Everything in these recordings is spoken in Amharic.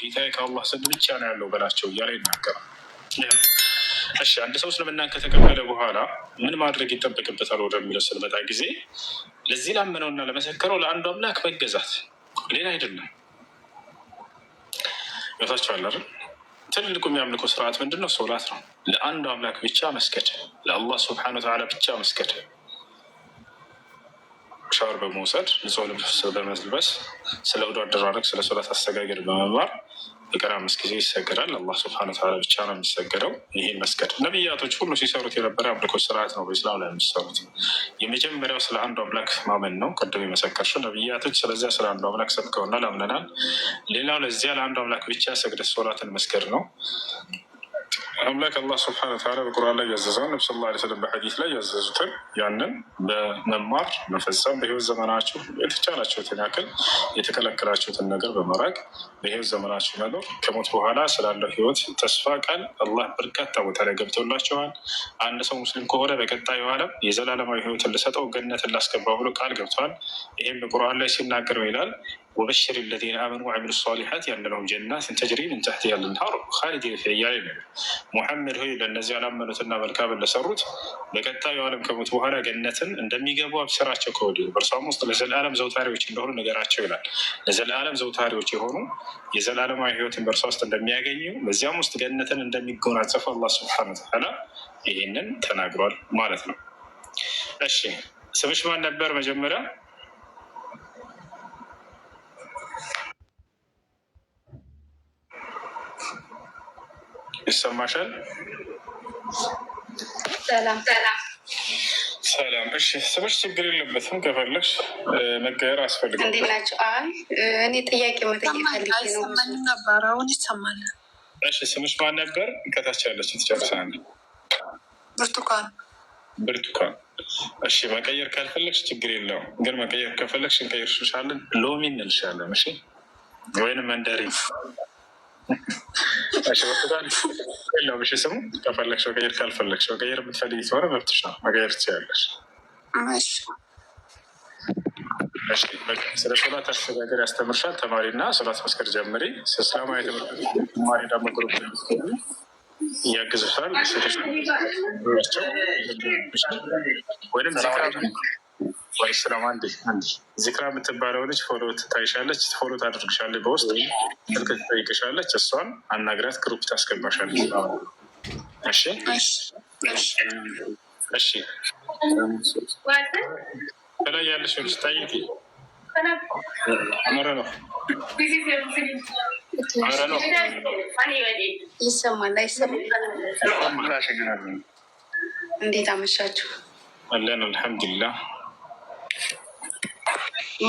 ጌታ ከአላህ ዘንድ ብቻ ነው ያለው በላቸው እያለ ይናገራል። እሺ አንድ ሰው እስልምናን ከተቀበለ በኋላ ምን ማድረግ ይጠበቅበታል ወደሚለው ስንመጣ ጊዜ ለዚህ ላመነውና ለመሰከረው ለአንዱ አምላክ መገዛት ሌላ አይደለም። ታችኋል አይደል? ትልቁ የሚያምልኮ ስርዓት ምንድነው? ሶላት ነው። ለአንዱ አምላክ ብቻ መስገድ፣ ለአላህ ስብሐነ ወተዓላ ብቻ መስገድ ሻወር በመውሰድ ንጹህ ልብስ በመልበስ ስለ ውዱ አደራረግ፣ ስለ ሶላት አሰጋገድ በመማር በቀር አምስት ጊዜ ይሰገዳል። አላህ ስብሐነ ወተዓላ ብቻ ነው የሚሰገደው። ይህን መስገድ ነቢያቶች ሁሉ ሲሰሩት የነበረ አምልኮ ስርዓት ነው። በኢስላም ላይ የሚሰሩት የመጀመሪያው ስለ አንዱ አምላክ ማመን ነው። ቅድም የመሰከርሽ ነቢያቶች ስለዚያ ስለ አንዱ አምላክ ሰብከውና አምነናል። ሌላው ለዚያ ለአንዱ አምላክ ብቻ ሰግደት ሶላትን መስገድ ነው። አምላክ አላህ ስብሐነ ወተዓላ በቁርአን ላይ ያዘዘውን ነብ ስለ ላ ስለም በሐዲስ ላይ ያዘዙትን ያንን በመማር መፈጸም በህይወት ዘመናችሁ የተቻላችሁትን ያክል የተከለከላቸውትን ነገር በመራቅ በህይወት ዘመናቸው መኖር ከሞት በኋላ ስላለው ህይወት ተስፋ ቃል አላህ በርካታ ቦታ ላይ ገብቶላቸዋል። አንድ ሰው ሙስሊም ከሆነ በቀጣዩ ዓለም የዘላለማዊ ህይወትን ልሰጠው ገነትን ላስገባ ብሎ ቃል ገብቷል። ይህም በቁርአን ላይ ሲናገር ይላል ወበሽር ለዚነ አመኑ ወዐሚሉ ሷሊሓት ያለነው ጀናትን ተጅሪ ምን ተሕቲሃ ልአንሃር ኻሊዲን ፊሃ ሙሐመድ ሆይ ለእነዚህ አላመኑትና መልካምን ለሰሩት በቀጣዩ ዓለም ከሞት በኋላ ገነትን እንደሚገቡ አብስራቸው ከወዲሁ በእርሷም ውስጥ ለዘለዓለም ዘውታሪዎች እንደሆኑ ነገራቸው ይላል። ለዘለዓለም ዘውታሪዎች የሆኑ የዘላለማዊ ህይወትን በእርሷ ውስጥ እንደሚያገኙ በዚያም ውስጥ ገነትን እንደሚጎናጸፉ አላህ ሱብሓነሁ ወተዓላ ይህንን ተናግሯል ማለት ነው። እሺ ስምሽ ማን ነበር መጀመሪያ? ይሰማሻል? ሰላም እሺ ስምሽ ችግር የለበትም። ከፈለግሽ መቀየር አስፈልግም። እንዴት ናቸው? እኔ ጥያቄ መጠየቅ ነበር፣ አሁን ይሰማል። እሺ ስምሽ ማን ነበር? ከታች ያለች ትጨርሰናል። ብርቱካን ብርቱካን። እሺ መቀየር ካልፈለግሽ ችግር የለውም፣ ግን መቀየር ከፈለግሽ እንቀይርሻለን። ሎሚ እንልሻለን። እሺ ወይንም መንደሪ ነው ብሽ ስሙ ከፈለግሽ መቀየር ካልፈለግሽ መቀየር የምትፈልጊ ከሆነ መብትሽ ነው፣ መቀየር ትችያለሽ። ስለ ሶላት አስተጋገር ያስተምርሻል ተማሪ እና ሶላት ጀምሪ። ተማሪ ደግሞ እያግዝሻል ወይም ወይ ሰላም አንድ ዚክራ የምትባለው ልጅ ፎሎ ትታይሻለች፣ ፎሎ ታደርግሻለች፣ በውስጥ ስልክ ትጠይቅሻለች። እሷን አናግራት፣ ግሩፕ ታስገባሻለች። እሺ እሺ። በላይ ያለሽ ልጅ ታይ አመረ ነው አመረ ነው ይሰማል አይሰማል? እንዴት አመሻችሁ? አለን አልሐምዱሊላህ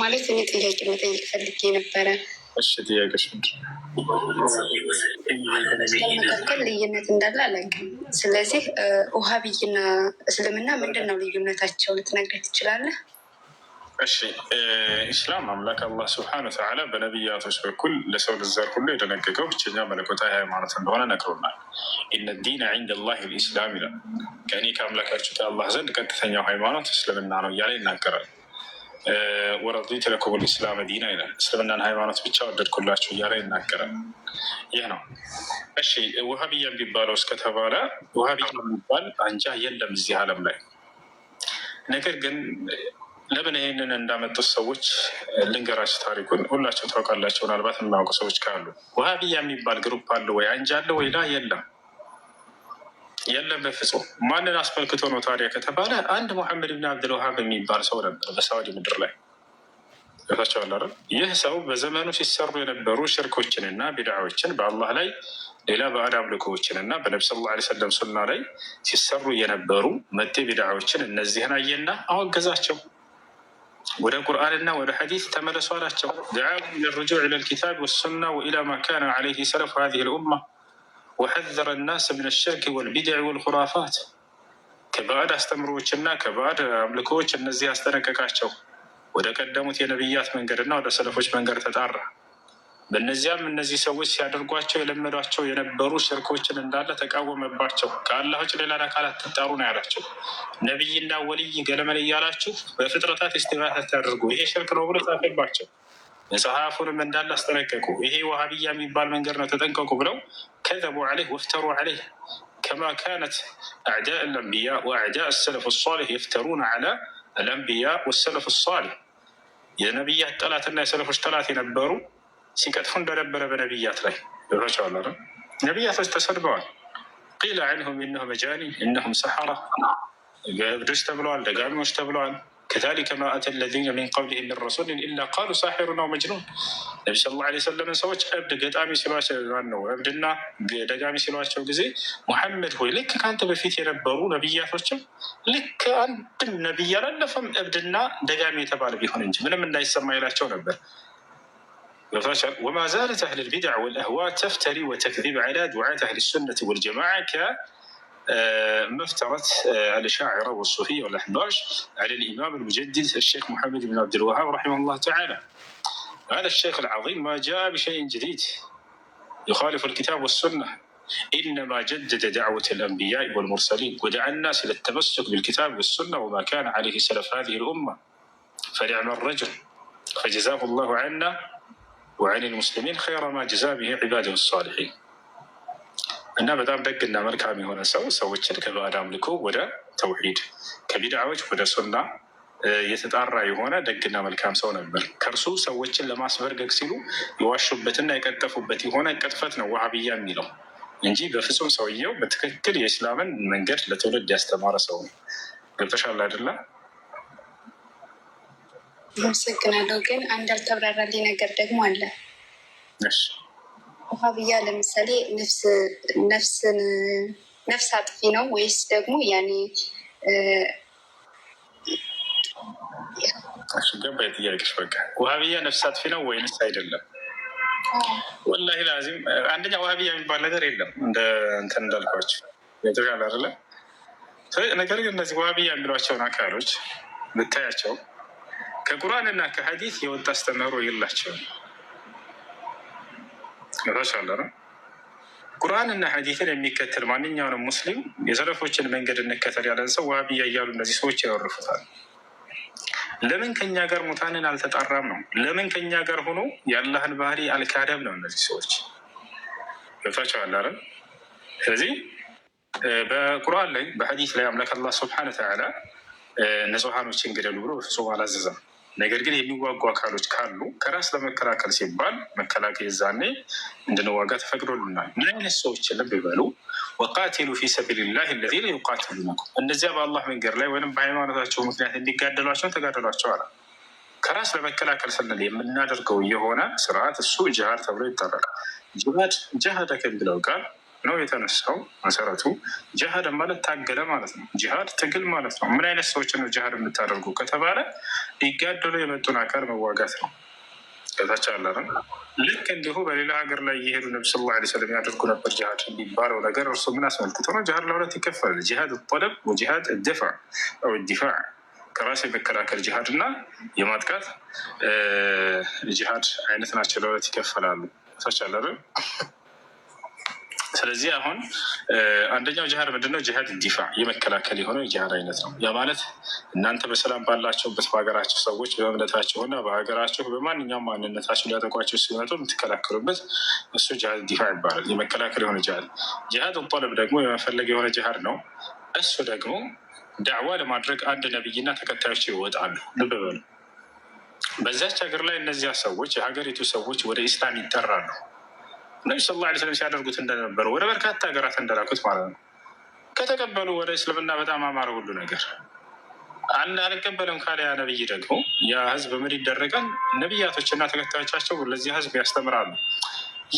ማለት እኔ ጥያቄ መጠየቅ ፈልጌ ነበረ። እሺ ጥያቄሽ መካከል ልዩነት እንዳለ አላውቅም። ስለዚህ ውሃብይና እስልምና ምንድን ነው ልዩነታቸው? ልትነግረኝ ትችላለህ? እሺ ኢስላም አምላክ አላህ ስብሐነ ወተዓላ በነቢያቶች በኩል ለሰው ልጅ ዘር ሁሉ የደነገገው ብቸኛ መለኮታዊ ሃይማኖት እንደሆነ ነግሮናል። ኢነ ዲነ ዒንደላሂ ልኢስላም ይላል። ከእኔ ከአምላካችሁ ከአላህ ዘንድ ቀጥተኛው ሃይማኖት እስልምና ነው እያለ ይናገራል። ወረዱ የተለኮበል ኢስላም ዲና ይላል። እስልምናን ሃይማኖት ብቻ ወደድኩላቸው እያለ ይናገራል። ይህ ነው እሺ። ውሃብያ የሚባለው እስከተባለ ውሃብያ የሚባል አንጃ የለም እዚህ ዓለም ላይ። ነገር ግን ለምን ይህንን እንዳመጡት ሰዎች ልንገራቸው ታሪኩን። ሁላቸው ታውቃላቸው፣ ምናልባት የማያውቁ ሰዎች ካሉ። ውሃብያ የሚባል ግሩፕ አለ ወይ አንጃ አለ ወይ? ላ የለም የለም በፍጹም። ማንን አስመልክቶ ነው ታዲያ ከተባለ አንድ መሐመድ ብን አብድልውሃብ የሚባል ሰው ነበር በሳዑዲ ምድር ላይ ታቸዋለ። ይህ ሰው በዘመኑ ሲሰሩ የነበሩ ሽርኮችንና ቢድዓዎችን በአላህ ላይ ሌላ ባዕድ አምልኮዎችን እና በነብስ ላ ሰለም ሱና ላይ ሲሰሩ የነበሩ መጤ ቢድዓዎችን እነዚህን አየና አወገዛቸው። ወደ ቁርአንና ወደ ሐዲስ ተመለሱ አላቸው። ድዓሁም ለርጁዕ ኢለልኪታብ ወሱና ወኢላ ማ ካነ ዓለይህ ሰለፍ ሀዚህ ልኡማ ወሐዘረ ናስ ምን ሽርክ ወልቢድዕ ወልኹራፋት ከባዕድ አስተምሮዎችና ከባዕድ አምልኮዎች እነዚህ ያስጠነቀቃቸው ወደ ቀደሙት የነቢያት መንገድና ወደ ሰለፎች መንገድ ተጣራ። በእነዚያም እነዚህ ሰዎች ሲያደርጓቸው የለመዷቸው የነበሩ ሽርኮችን እንዳለ ተቃወመባቸው። ከአላህ ሌላ አካል አትጣሩ ነው ያላቸው። ነቢይና ወልይ ገለመን እያላችሁ በፍጥረታት ኢስቲጋሳ ታደርጉ ይሄ ሽርክ ነው ብሎ ጻፈባቸው። መጽሐፉንም እንዳለ አስጠነቀቁ። ይሄ ዋሃብያ የሚባል መንገድ ነው ተጠንቀቁ ብለው كذبوا عليه وافتروا عليه كما كانت أعداء الأنبياء وأعداء السلف الصالح يفترون على الأنبياء والسلف الصالح يا نبي ثلاثة الناس سلف ثلاثة نبروا سكت فند ربنا بنبيات لي رجع الله نبيات تسربوا قيل عنهم إنهم مجانين إنهم سحرة قدوش تبلوان قالوا مش تبلوان كذلك ما اتى الذين من قبلهم من رسول الا قالوا ساحر او مجنون النبي صلى الله عليه وسلم سوت عبد قطامي سلواشه ነው እብድና በደጋሚ ሲሏቸው ጊዜ ሙሐመድ ሆይ ልክ ከአንተ በፊት የነበሩ ነቢያቶችም ልክ አንድም ነቢይ አላለፈም እብድና ደጋሚ የተባለ ቢሆን እንጂ ምንም እንዳይሰማ ይላቸው ነበር وما زالت أهل البدع والأهواء تفتري وتكذب على دعاة أهل السنة والجماعة ك آه، ما افترت الاشاعره آه، والصوفيه والاحباش على الامام المجدد الشيخ محمد بن عبد الوهاب رحمه الله تعالى. هذا الشيخ العظيم ما جاء بشيء جديد يخالف الكتاب والسنه انما جدد دعوه الانبياء والمرسلين ودعا الناس الى التمسك بالكتاب والسنه وما كان عليه سلف هذه الامه فنعم الرجل فجزاه الله عنا وعن المسلمين خير ما جزى به عباده الصالحين እና በጣም ደግና መልካም የሆነ ሰው ሰዎችን ከባዕድ አምልኮ ወደ ተውሂድ ከቢድዓዎች ወደ ሱና የተጣራ የሆነ ደግና መልካም ሰው ነበር። ከእርሱ ሰዎችን ለማስበርገግ ሲሉ የዋሹበትና የቀጠፉበት የሆነ ቅጥፈት ነው ዋሃብያ የሚለው እንጂ በፍጹም ሰውየው በትክክል የእስላምን መንገድ ለትውልድ ያስተማረ ሰው ነው። ገብተሻል አይደለ? አመሰግናለሁ። ግን አንድ ያልተብራራልኝ ነገር ደግሞ አለ። ውሃብያ ለምሳሌ ነፍስን ነፍስ አጥፊ ነው ወይስ ደግሞ ያኔ የጥያቄሽ? በቃ ውሃብያ ነፍስ አጥፊ ነው ወይንስ አይደለም? ወላሂ ላዚም አንደኛ ውሃብያ የሚባል ነገር የለም። እንደ እንትን እንዳልኳቸው የተሻለ አይደለ። ነገር ግን እነዚህ ውሃብያ የሚሏቸውን አካሎች ብታያቸው ከቁርአንና ከሀዲት የወጣ አስተምህሮ የላቸውም። አስመራጭ አለ ነው። ቁርአን እና ሐዲትን የሚከተል ማንኛውንም ሙስሊም የሰለፎችን መንገድ እንከተል ያለን ሰው ዋሃብያ እያሉ እነዚህ ሰዎች ያወርፉታል። ለምን ከኛ ጋር ሙታንን አልተጣራም ነው? ለምን ከኛ ጋር ሆኖ የአላህን ባህሪ አልካደም ነው? እነዚህ ሰዎች ገብታቸዋል አለ። ስለዚህ በቁርአን ላይ በሐዲት ላይ አምላክ አላህ ስብሐነ ወተዓላ ንጹሐኖችን ግደሉ ብሎ ፍጹም አላዘዘም። ነገር ግን የሚዋጉ አካሎች ካሉ ከራስ ለመከላከል ሲባል መከላከያ ዛኔ እንድንዋጋ ተፈቅዶልናል። ምን አይነት ሰዎች ልብ ቢበሉ ወቃቴሉ ፊ ሰቢልላህ ለዚነ ዩቃትሉነኩም፣ እነዚያ በአላህ መንገድ ላይ ወይም በሃይማኖታቸው ምክንያት እንዲጋደሏቸው ተጋደሏቸው አለ። ከራስ ለመከላከል ስንል የምናደርገው የሆነ ስርዓት እሱ ጅሃድ ተብሎ ይጠራል። ጅሃድ ጀሃደ ከሚለው ቃል ነው የተነሳው። መሰረቱ ጅሃድ ማለት ታገለ ማለት ነው። ጅሃድ ትግል ማለት ነው። ምን አይነት ሰዎች ነው ጅሃድ የምታደርጉ ከተባለ ይጋደሉ የመጡን አካል መዋጋት ነው። ከታች ነው። ልክ እንዲሁ በሌላ ሀገር ላይ እየሄዱ ነቢ ስ ላ ስለም ያደርጉ ነበር። ጅሃድ የሚባለው ነገር እርሱ ምን አስመልክቶ ነው? ጅሃድ ለሁለት ይከፈላል። ጅሃድ ጠለብ ወጅሃድ እደፋ ዲፋ ከራስ የመከላከል ጅሃድ እና የማጥቃት ጅሃድ አይነት ናቸው። ለሁለት ይከፈላሉ። ታች ስለዚህ አሁን አንደኛው ጅሃድ ምንድነው? ጅሃድ ዲፋ የመከላከል የሆነው የጅሃድ አይነት ነው። ያ ማለት እናንተ በሰላም ባላቸውበት በሀገራቸው ሰዎች በእምነታቸውና በሀገራቸው በማንኛውም ማንነታቸው ሊያጠቋቸው ሲመጡ የምትከላከሉበት እሱ ጅሃድ ዲፋ ይባላል። የመከላከል የሆነ ጅሃድ። ጅሃድ ጦለብ ደግሞ የመፈለግ የሆነ ጅሃድ ነው። እሱ ደግሞ ዳዕዋ ለማድረግ አንድ ነብይና ተከታዮች ይወጣሉ። ልብ በሉ። በዚያች ሀገር ላይ እነዚያ ሰዎች የሀገሪቱ ሰዎች ወደ ኢስላም ይጠራሉ። ነቢ ስ ላ ስለም ሲያደርጉት እንደነበሩ ወደ በርካታ ሀገራት እንደላኩት ማለት ነው። ከተቀበሉ ወደ እስልምና በጣም አማረ ሁሉ ነገር አንድ አልቀበልም ካሊያ ነብይ ደግሞ ያ ህዝብ ምን ይደረጋል? ነቢያቶችና ተከታዮቻቸው ለዚህ ህዝብ ያስተምራሉ።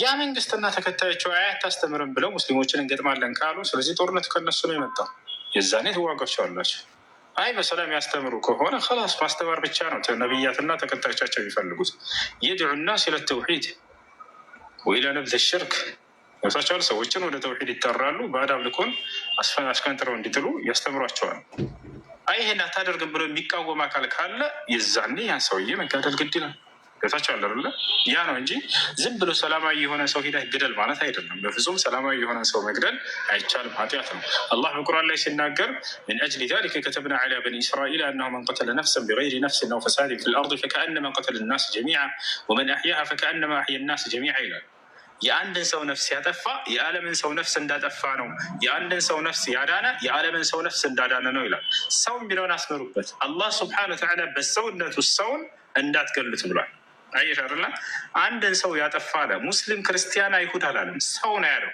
ያ መንግስትና ተከታዮቸው አያታስተምርም ብለው ሙስሊሞችን እንገጥማለን ካሉ፣ ስለዚህ ጦርነቱ ከነሱ ነው የመጣው። የዛኔ ትዋጋቸዋላችሁ። አይ በሰላም ያስተምሩ ከሆነ ላስ ማስተማር ብቻ ነው ነብያትና ተከታዮቻቸው የሚፈልጉት የድዑ ናስ ኢለ ተውሒድ ወኢላ ነብዝ ሽርክ ነብሳቸዋል ሰዎችን ወደ ተውሒድ ይጠራሉ፣ ባዕድ አምልኮን አሽቀንጥረው እንዲጥሉ ያስተምሯቸዋል። አይ ይሄን አታደርግም ብሎ የሚቃወም አካል ካለ የዛኔ ያን ሰውዬ መጋደል ግድ ይላል። ገብታቸው አለ ያ ነው እንጂ ዝም ብሎ ሰላማዊ የሆነ ሰው ሂዳ ግደል ማለት አይደለም። በፍጹም ሰላማዊ የሆነ ሰው መግደል አይቻልም፣ ኃጢአት ነው። አላህ በቁርአን ላይ ሲናገር ምን አጅሊ ዛሊከ ከተብና ዐላ በኒ እስራኤል አናሁ መን ቀተለ ነፍሰን ቢገይሪ ነፍሲን አው ፈሳድን ፊል አርድ ፈከአነማ ቀተለ ናስ ጀሚዓ ወመን አሕያሃ ፈከአነማ አሕያ ናስ ጀሚዓ ይላል። የአንድን ሰው ነፍስ ያጠፋ የዓለምን ሰው ነፍስ እንዳጠፋ ነው። የአንድን ሰው ነፍስ ያዳነ የዓለምን ሰው ነፍስ እንዳዳነ ነው ይላል። ሰው የሚለውን አስመሩበት። አላህ ስብሐነ ወተዓላ በሰውነቱ ሰውን እንዳትገሉት ብሏል። አየሽ አይደል? አንድን ሰው ያጠፋ አለ። ሙስሊም፣ ክርስቲያን፣ አይሁድ አላለም። ሰው ነው ያለው።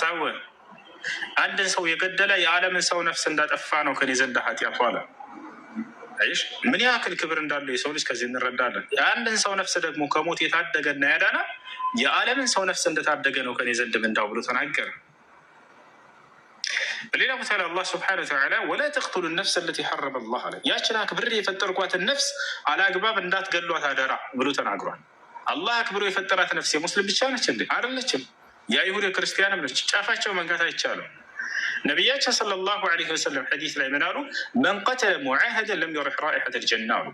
ሰው አንድን ሰው የገደለ የዓለምን ሰው ነፍስ እንዳጠፋ ነው ከኔ ዘንድ ኃጢአቱ አለ አይሽ ምን ያክል ክብር እንዳለው የሰው ልጅ ከዚህ እንረዳለን። የአንድን ሰው ነፍስ ደግሞ ከሞት የታደገና ያዳና የዓለምን ሰው ነፍስ እንደታደገ ነው ከኔ ዘንድ ምንዳው ብሎ ተናገረ። በሌላ ቦታ ላይ አላህ ስብሐነ ወተዓላ ወላ ተቅቱሉ ነፍስ ለቲ ሐረመ አላህ አለ ያችን አክብሬ የፈጠርኳትን ነፍስ አላግባብ እንዳትገሏት አደራ ብሎ ተናግሯል። አላህ አክብሮ የፈጠራት ነፍስ የሙስሊም ብቻ ነች እንዴ? አይደለችም። የአይሁድ የክርስቲያንም ነች። ጫፋቸው መንካት አይቻለም። ነቢያችን ሰለላሁ ዐለይሂ ወሰለም ሐዲስ ላይ ምን አሉ? መን ቀተለ ሙዓሀደን ለም የሪሕ ራኢሐተል ልጀና አሉ።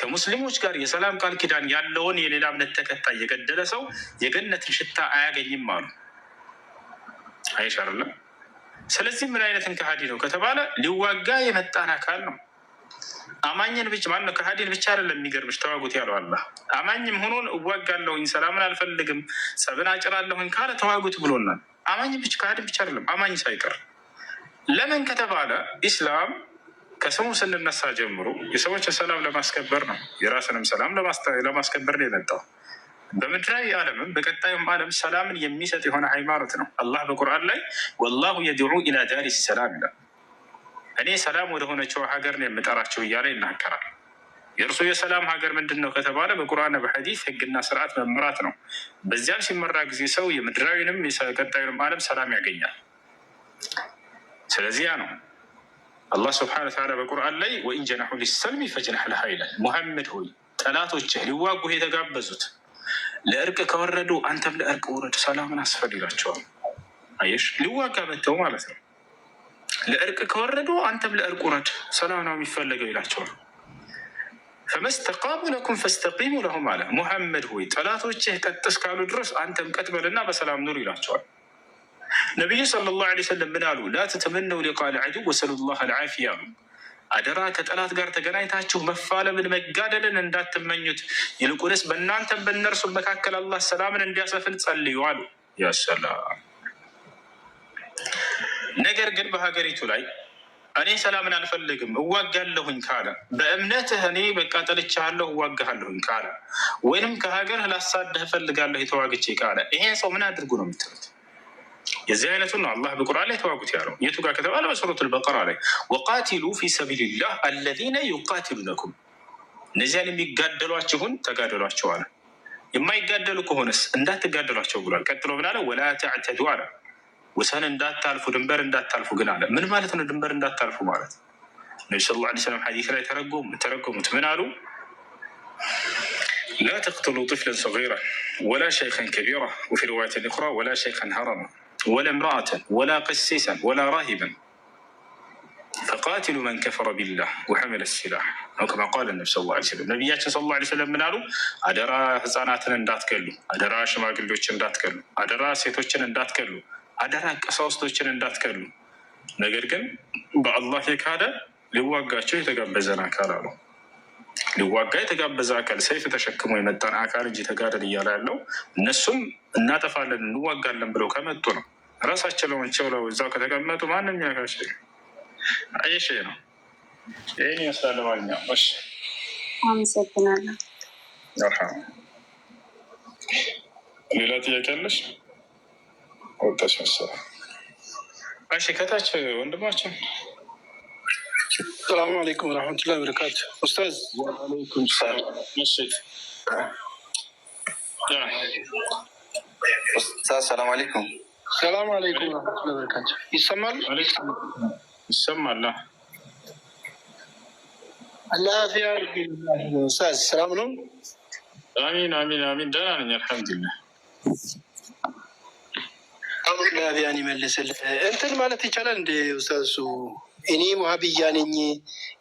ከሙስሊሞች ጋር የሰላም ቃል ኪዳን ያለውን የሌላ እምነት ተከታይ የገደለ ሰው የገነትን ሽታ አያገኝም አሉ። አይሻርለም። ስለዚህ ምን አይነትን ከሃዲ ነው ከተባለ ሊዋጋ የመጣን አካል ነው። አማኝን ብቻ ማነው ከሃዲን ብቻ አይደለም። የሚገርምሽ ተዋጉት ያለው አላህ አማኝም ሆኖን እዋጋለሁኝ፣ ሰላምን አልፈልግም፣ ጸብን አጭራለሁኝ ካለ ተዋጉት ብሎናል። አማኝ ብቻ ከሃዲም ብቻ አይደለም፣ አማኝ ሳይቀር ለምን ከተባለ ኢስላም ከስሙ ስንነሳ ጀምሮ የሰዎችን ሰላም ለማስከበር ነው። የራስንም ሰላም ለማስከበር ነው የመጣው። በምድራዊ ዓለምም በቀጣዩም ዓለም ሰላምን የሚሰጥ የሆነ ሃይማኖት ነው። አላህ በቁርአን ላይ ወላሁ የድዑ ኢላ ዳሪ ሰላም ይላል። እኔ ሰላም ወደሆነችው ሀገር ነው የምጠራቸው እያለ ይናገራል። የእርሱ የሰላም ሀገር ምንድን ነው ከተባለ በቁርአን በሐዲስ ህግና ስርዓት መምራት ነው። በዚያም ሲመራ ጊዜ ሰው የምድራዊንም የቀጣዩንም ዓለም ሰላም ያገኛል። ስለዚያ ነው አላህ ስብሐነ ወተዓላ በቁርአን ላይ ወኢን ጀናሑ ሊሰልሚ ፈጅናሕ ለሃ ይላል። ሙሐመድ ሆይ ጠላቶችህ ሊዋጉህ የተጋበዙት ለእርቅ ከወረዱ አንተም ለእርቅ ውረድ፣ ሰላምን አስፈል ይላቸዋል። አየሽ ሊዋጋ መተው ማለት ነው። ለእርቅ ከወረዱ አንተም ለእርቅ ውረድ፣ ሰላም ነው የሚፈለገው ይላቸዋል። ፈመስተቃሙ ለኩም ፈስተቂሙ ለሁም አለ ሙሐመድ ሆይ ጠላቶችህ ቀጥ እስካሉ ድረስ አንተም ቀጥ በልና በሰላም ኑር ይላቸዋል። ነቢዩ ሰለላሁ ዐለይሂ ወሰለም ምን አሉ? ላ ተተመነው ሊቃ ልዐድው ወሰሉ ላህ አልዓፊያ አሉ። አደራ ከጠላት ጋር ተገናኝታችሁ መፋለምን መጋደልን እንዳትመኙት፣ ይልቁንስ በእናንተም በእነርሱ መካከል አላህ ሰላምን እንዲያሰፍን ጸልዩ አሉ። ያሰላም ነገር ግን በሀገሪቱ ላይ እኔ ሰላምን አልፈልግም እዋጋለሁኝ ካለ በእምነትህ እኔ በቃ ጠልቻለሁ እዋጋለሁኝ ካለ ወይንም ከሀገር ላሳደህ እፈልጋለሁ የተዋግቼ ካለ ይሄን ሰው ምን አድርጉ ነው የምትሉት? የዚህ አይነቱን ነው አላህ በቁርአን ላይ ተዋጉት ያለው። የቱ ጋር ከተባለ በሱረቱል በቀራ ላይ ወቃቲሉ ፊ ሰቢልላህ አለዚነ ዩቃቲሉነኩም፣ እነዚያን የሚጋደሏችሁን ተጋደሏቸዋል። የማይጋደሉ ከሆነስ እንዳትጋደሏቸው ብሏል። ቀጥሎ ምን አለ? ወላ ተዕተዱ አለ ወሰን እንዳታልፉ ድንበር እንዳታልፉ ግን አለ። ምን ማለት ነው ድንበር እንዳታልፉ ማለት? ነቢ ስለ ላ ስለም ሐዲስ ላይ ተረጎሙት ምን አሉ? ላ ተቅትሉ ጥፍለን ሰጊራ ወላ ሸይኸን ከቢራ ወፊ ሪዋየት ልእኽራ ወላ ሸይኸን ሀረማ ወላ እምራአተን ወላ ቀሲሰን ወላ ራሂበን ፈቃትሉ መን ከፈረ ቢላህ ወሐመለ ሲላሕ ከማ ቃል ነብ ስ ስለም ነቢያችን ስለ ላ ስለም ምን አሉ? አደራ ህፃናትን እንዳትገሉ፣ አደራ ሽማግሌዎችን እንዳትገሉ፣ አደራ ሴቶችን እንዳትገሉ አደራ ቀሳውስቶችን እንዳትከሉ። ነገር ግን በአላህ የካደ ሊዋጋቸው የተጋበዘን አካል አሉ። ሊዋጋ የተጋበዘ አካል ሰይፍ ተሸክሞ የመጣን አካል እንጂ ተጋደል እያለ ያለው እነሱም እናጠፋለን እንዋጋለን ብለው ከመጡ ነው። ራሳቸው ለመቸው ለው እዛው ከተቀመጡ ማንም ያጋሽ አይሽ ነው። ይህን ይመስላል። ማኛ አመሰግናለሁ። ሌላ ጥያቄ አለሽ? ወጣች መሰለኝ። እሺ ከታች ወንድማችን ሰላሙ አለይኩም ወረሕመቱላሂ በረካቱ። ኡስታዝ ወአለይኩም ሰላም። ኡስታዝ ሰላም አለይኩም። ሰላም አለይኩም ወረሕመቱላሂ በረካቱ። ይሰማል ይሰማል። አላፊያ ኡስታዝ ሰላም ነው። አሚን አሚን አሚን። ደህና ነኝ አልሐምዱሊላህ። እግዚአብሔር ይመልስል። እንትን ማለት ይቻላል እንደ ውስታሱ እኔ ዋሃብያ ነኝ፣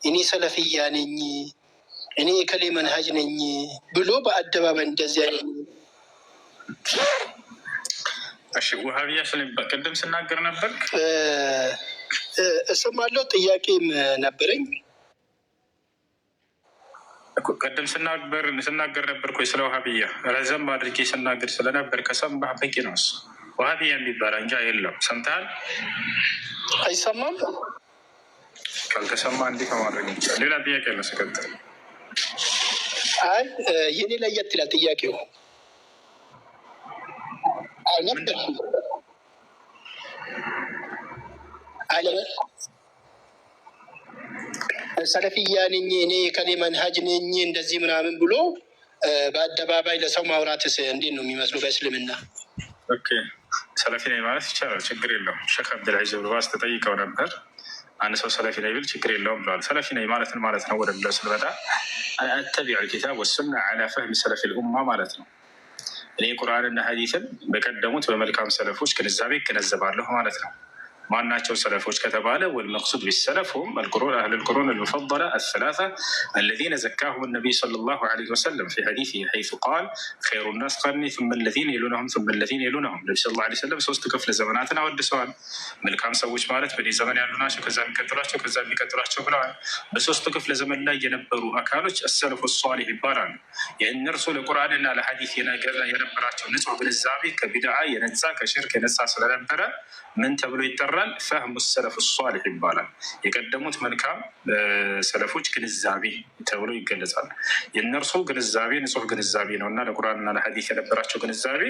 እኔ ሰለፍያ ነኝ፣ እኔ የከሌ መንሃጅ ነኝ ብሎ በአደባባይ እንደዚያ እሺ ውሃብያ ቅድም ስናገር ነበር እሰማለሁ። ጥያቄም ነበረኝ ቅድም ስናገር ነበር ኮይ ስለ ውሃብያ ረዘም አድርጌ ስናገር ስለነበር ከሰማህ በቂ ነው። ዋህብያ የሚባል አንጃ የለም። ሰምተሃል? አይሰማም። ካልተሰማ እንዲህ ከማድረግ ይቻል። ሌላ ጥያቄ አለ። ስቀጥል አይ የኔ ለየት ይላል ጥያቄው ሰለፊያ ነኝ እኔ የከሌ መንሀጅ ነኝ እንደዚህ ምናምን ብሎ በአደባባይ ለሰው ማውራት እንዴት ነው የሚመስሉ በእስልምና? ሰለፊ ነኝ ማለት ይቻላል፣ ችግር የለውም። ሼክ አብድልዓዚዝ ብልባስ ተጠይቀው ነበር። አንድ ሰው ሰለፊ ነኝ ቢል ችግር የለውም ብለዋል። ሰለፊ ነኝ ማለት ምን ማለት ነው ወደሚለው ስንመጣ አተቢዑ ልኪታብ ወሱና አላ ፈህም ሰለፊ ልኡማ ማለት ነው። እኔ ቁርአንና ሀዲትን በቀደሙት በመልካም ሰለፎች ግንዛቤ እገነዘባለሁ ማለት ነው። ማናቸው ሰለፎች ከተባለ ወልመቅሱድ ቢሰለፍ ሁም አህል ልቁሩን ልሙፈضለ አሰላሳ አለዚነ ዘካሁም ነቢይ ሰለላሁ ዐለይሂ ወሰለም ፊ ሐዲስ ሐይሱ ቃል ኸይሩ ናስ ቀርኒ ثመ ለዚነ የሉነሁም ثመ ለዚነ የሉነሁም ነቢ ሰለላሁ ዐለይሂ ወሰለም ሶስት ክፍለ ዘመናትን አወድሰዋል። መልካም ሰዎች ማለት በዚህ ዘመን ያሉ ናቸው፣ ከዛ የሚቀጥሏቸው፣ ከዛ የሚቀጥሏቸው ብለዋል። በሶስቱ ክፍለ ዘመን ላይ የነበሩ አካሎች አሰለፉ ሷሊህ ይባላሉ። የእነርሱ ለቁርአንና ለሐዲስ የነበራቸው ንጹሕ ግንዛቤ ከቢድዓ የነጻ ከሽርክ የነጻ ስለነበረ ምን ተብሎ ይጠራል? ይባላል። ፈህሙ ሰለፍ ሷሊህ ይባላል። የቀደሙት መልካም ሰለፎች ግንዛቤ ተብሎ ይገለጻል። የእነርሱ ግንዛቤ ንጹህ ግንዛቤ ነው እና ለቁርአንና ለሐዲስ የነበራቸው ግንዛቤ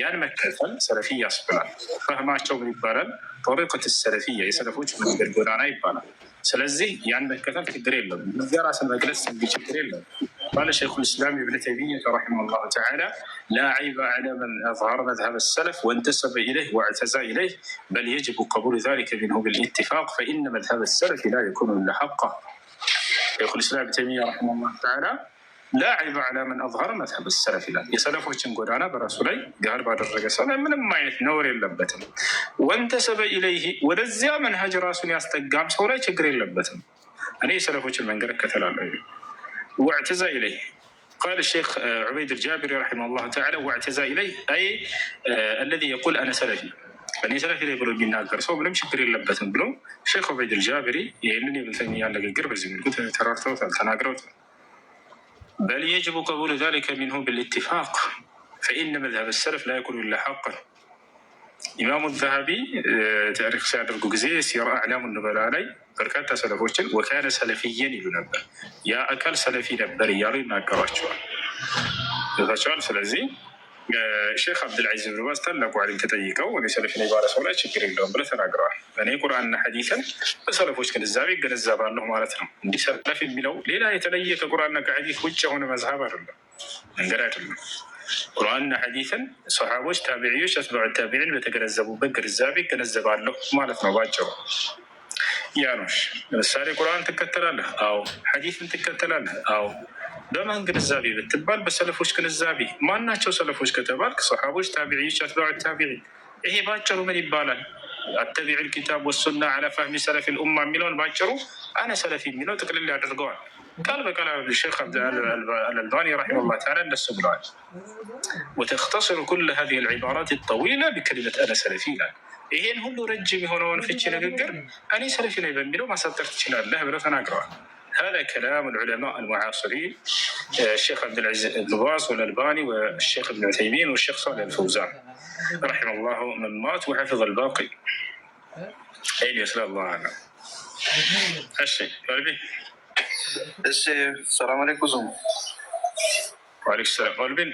ያን መከተል ሰለፊ ያስብላል። ፈህማቸው ምን ይባላል? ጦሪቀት ሰለፊያ የሰለፎች መንገድ ጎዳና ይባላል። ስለዚህ ያን መከተል ችግር የለም። እዚያ ራስን መግለጽ ችግር የለም። قال شيخ الاسلام ابن تيميه رحمه الله تعالى لا عيب على من اظهر مذهب السلف وانتسب اليه واعتزى اليه بل يجب قبول ذلك منه بالاتفاق فان مذهب السلف لا يكون الا حقه. شيخ الاسلام ابن تيميه رحمه الله تعالى لا عيب على من اظهر مذهب السلف ይላል። የሰለፎችን ጎዳና በራሱ ላይ ጋር ባደረገ ሰው ላይ ምንም አይነት وانتسب اليه ولزيا منهج ወደዚያ መንሀጅ ራሱን ያስጠጋም ሰው ላይ ችግር የለበትም። እኔ የሰለፎችን መንገድ እከተላለሁ واعتزى اليه قال الشيخ آه، عبيد الجابري رحمه الله تعالى واعتزى اليه اي آه الذي يقول انا سلفي فني سلفي اللي يقولوا بيناقر سو بلم شكر يلبثن بلو الشيخ عبيد الجابري يعني ابن تيميه قال لك الزمن قلت ترارتو تناقرو بل يجب قبول ذلك منه بالاتفاق فان مذهب السلف لا يكون الا حقا ኢማሙ ዛሀቢ ተሪክ ሲያደርጉ ጊዜ ሲራ አዕላሙ ንበላ ላይ በርካታ ሰለፎችን ወካነ ሰለፊየን ይሉ ነበር። ያ አካል ሰለፊ ነበር እያሉ ይናገሯቸዋል ታቸዋል። ስለዚህ ሼክ አብዱልዓዚዝ ብን ባዝ ታላቁ ዓሊም ተጠይቀው እኔ ሰለፊ ነኝ ባለ ሰው ላይ ችግር የለውም ብለ ተናግረዋል። እኔ ቁርአንና ሐዲስን በሰለፎች ግንዛቤ እገነዘባለሁ ማለት ነው። እንዲህ ሰለፍ የሚለው ሌላ የተለየ ከቁርአንና ከሐዲስ ውጭ የሆነ መዝሀብ አይደለም፣ መንገድ አይደለም። ቁርአንና ሐዲስን ሰሓቦች፣ ታቢዕዮች፣ አትባዕ ታቢዕን በተገነዘቡበት ግንዛቤ ይገነዘባለሁ ማለት ነው ባጭሩ። ያ ነው። ለምሳሌ ቁርአን ትከተላለህ? አዎ። ሐዲስን ትከተላለህ? አዎ። በማን ግንዛቤ ብትባል፣ በሰለፎች ግንዛቤ። ማናቸው ሰለፎች ከተባልክ ሰሓቦች፣ ታቢዕዮች፣ አትባዕ ታቢዕን። ይሄ ባጭሩ ምን ይባላል? አተቢዕ ልኪታብ ወሱና አላ ፋህሚ ሰለፊ ልኡማ የሚለውን ባጭሩ አነ ሰለፊ የሚለው ጥቅልል ያደርገዋል። قال بقال الشيخ عبد الألباني رحمه الله تعالى لست بالعالم وتختصر كل هذه العبارات الطويلة بكلمة أنا سلفي إيه لك ይሄን ሁሉ ረጅም የሆነውን ፍቺ ንግግር እኔ ሰለፊ ነኝ በሚለው ማሳጠር ትችላለህ ብለው ተናግረዋል። هذا كلام العلماء المعاصرين آه، الشيخ عبد العزيز بن باز والالباني والشيخ ابن عثيمين والشيخ صالح الفوزان رحم الله من مات وحفظ الباقي. اي يسال الله عنه. እሺ እሺ ሰላም አለይኩም ዙም ወአለይኩም ሰላም አልቢን